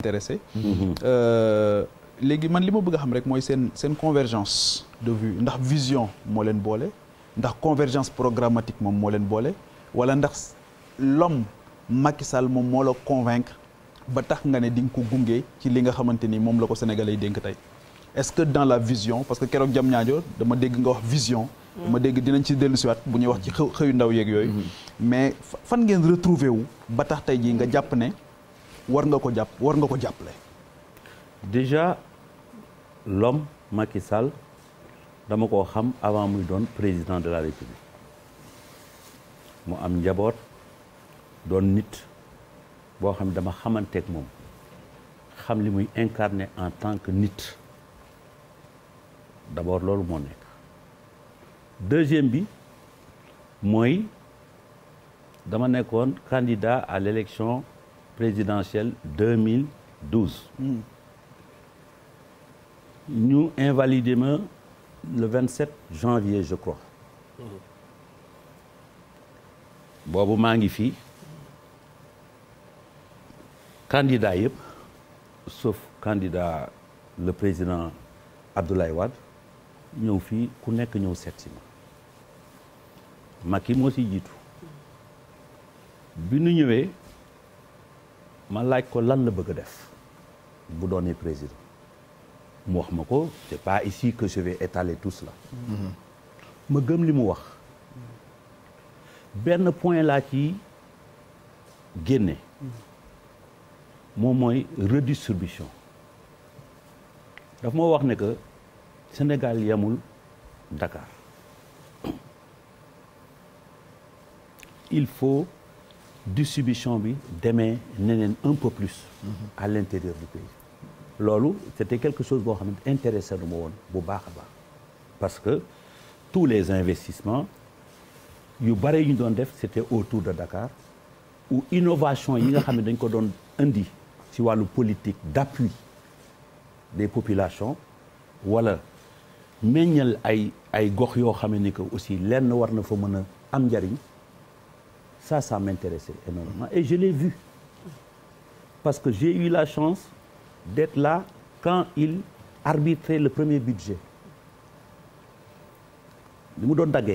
intéressé mhm. euh, Les man li ma bëgg xam rek convergence de vue ndax vision moo leen ndax convergence programmatique moom moo leen wala ndax l'homme Macky Sall moom moo la convaincre ba tax nga né di ko gunge ci li nga xamante ni la ko sénégalais yi tay est-ce que dans la vision parce que keroog jam ñaajo dama dégg nga wax vision dama mm. dégg dinañ ci dellusiwaat bu ñuy wax ci xëyu ndaw yeeg yoy mm-hmm. mais fan ngeen retrouver wu ba tax tay ji nga japp né déjà l'homme Makissal, avant président de la République Je am d'abord. nit bo xam xam incarné en tant que nit d'abord lolu mo Deuxième, deuxième bi dama suis candidat à l'élection présidentielle 2012. Nous, invalidément le 27 janvier je crois. Bon vous candidat sauf candidat le président Abdoulaye Wade Nous sommes ku nekk aussi ma ma laaj ko lan la bëgg président mu wax pas ici que je vais étaler tout cela mm-hmm. ma gëm li mu wax benn point là ci génne mm-hmm. moom redistribution daf m'a wax ne que Sénégal yamul Dakar il faut distribution bi demee neneen un peu plus à l'intérieur du pays c'était quelque chose qui xam intéressant intéressé parce que tous les investissements yu c'était autour de Dakar où innovation yi nga dañ politique d'appui des populations voilà, mais ay ay gox que aussi lenn de fa ça, ça m'intéressait énormément. Et je l'ai vu. Parce que j'ai eu la chance d'être là quand il arbitrait le premier budget. li mu doon daggee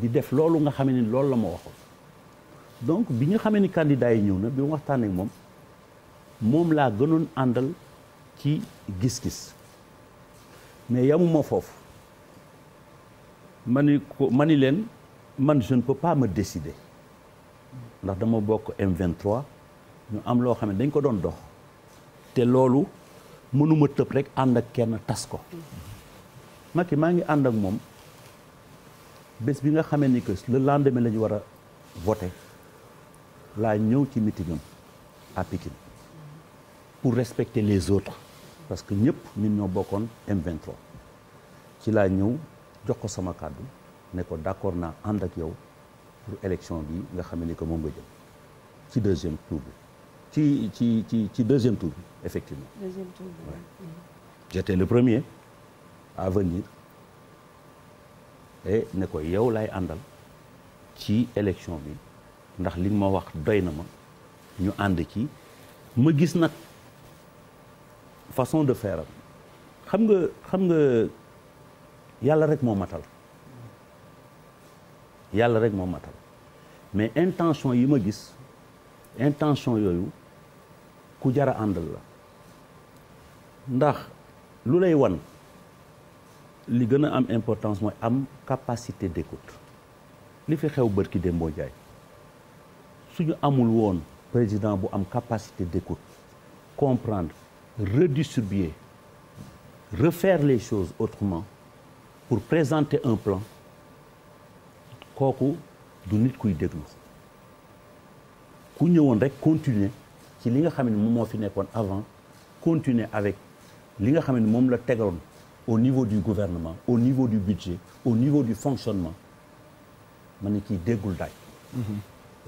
di def loolu nga xam ne loolu la donc bi ñu xamee ni candidat yi ñëw na bi mu waxtaanee ak moom moom gënoon ci gis-gis mais yamuma foofu ma ni ko je ne peux pas me décider ndax dama bokk M23 ñu am lo ne dañ ko doon dox Té lolu mënuma teup rek Je ak kenn tas ko Maki ma ngi and ak que le lendemain voter à Pékin pour respecter les autres parce que ñëpp ñun ñoo M23 ci ñëw jox ko sama ne d'accord na ànd yow pour élection bi nga deuxième tour le deuxième tour effectivement. j'étais le premier à venir et ne quoi yow lay andal ci élection bi ndax li wax ñu and ci façon de faire Je xam nga xam nga rek matal yalla rek règlement matal mais intention il ma gis intention yoyu ku jara andal la ndax lulay won li gën am importance moy am capacité d'écoute li fi xew barki Dembo jay suñu amul won président bu am capacité d'écoute comprendre redistribuer refaire les choses autrement pour présenter un plan kooku du nit kuy déglu ku ñëwoon rek continuer ci li nga xam ne moom moo fi nekkoon avant continuer avec li nga xam ne moom la tegaloon au niveau du gouvernement au niveau du budget au niveau du fonctionnement ma ne kii déggul daaj mhm.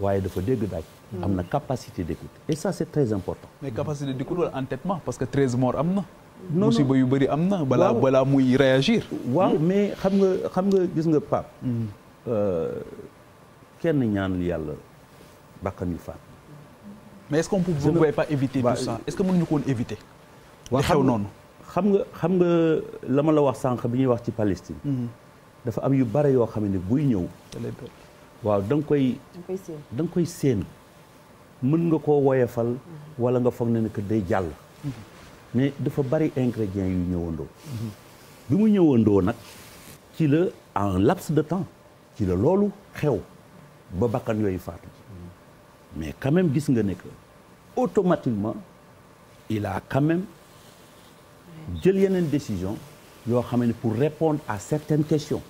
waaye dafa dégg daaj mhm. am na capacité d'écoute et ça c'est très important mais capacité d'écoute wala entêtement parce que 13 morts am na musiba yu bëri am na balaa balaa muy réagir waaw mais xam nga xam nga gis nga Pape mhm. Euh, kenn ñaanul yàlla bakkan yu faat. mais est-ce qu'on vous ne pouvez pas éviter tout ça euh, est-ce que mënuñu ko woon éviter. waaw xew noonu. xam nga xam nga la la wax sànq bi ñuy wax ci Palestine. Mm-hmm. dafa am yu bare yoo xam ne buy ñëw. waaw da nga koy. da nga koy séen mën nga koo woyefal. Mm-hmm. wala nga foog ne ne que day jàll. Mm-hmm. mais dafa bari ingrédients yu ñëwandoo. bi mu ñëwandoo nag ci la en laps de temps. ci la xew ba mais quand même que automatiquement il a quand même jël une décision pour répondre à certaines questions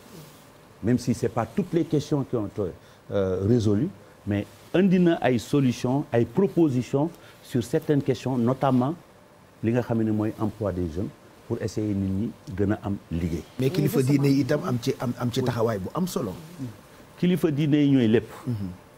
même si ce c'est pas toutes les questions qui ont été euh, résolues mais a une ay solutions une propositions sur certaines questions notamment li nga xam ne emploi des jeunes pour essayer nit ñi gën a am liggéey. mais kilifa diine yi itam am ci am am ci taxawaay bu am solo. kilifa diine yi ñooy lépp. Mhm.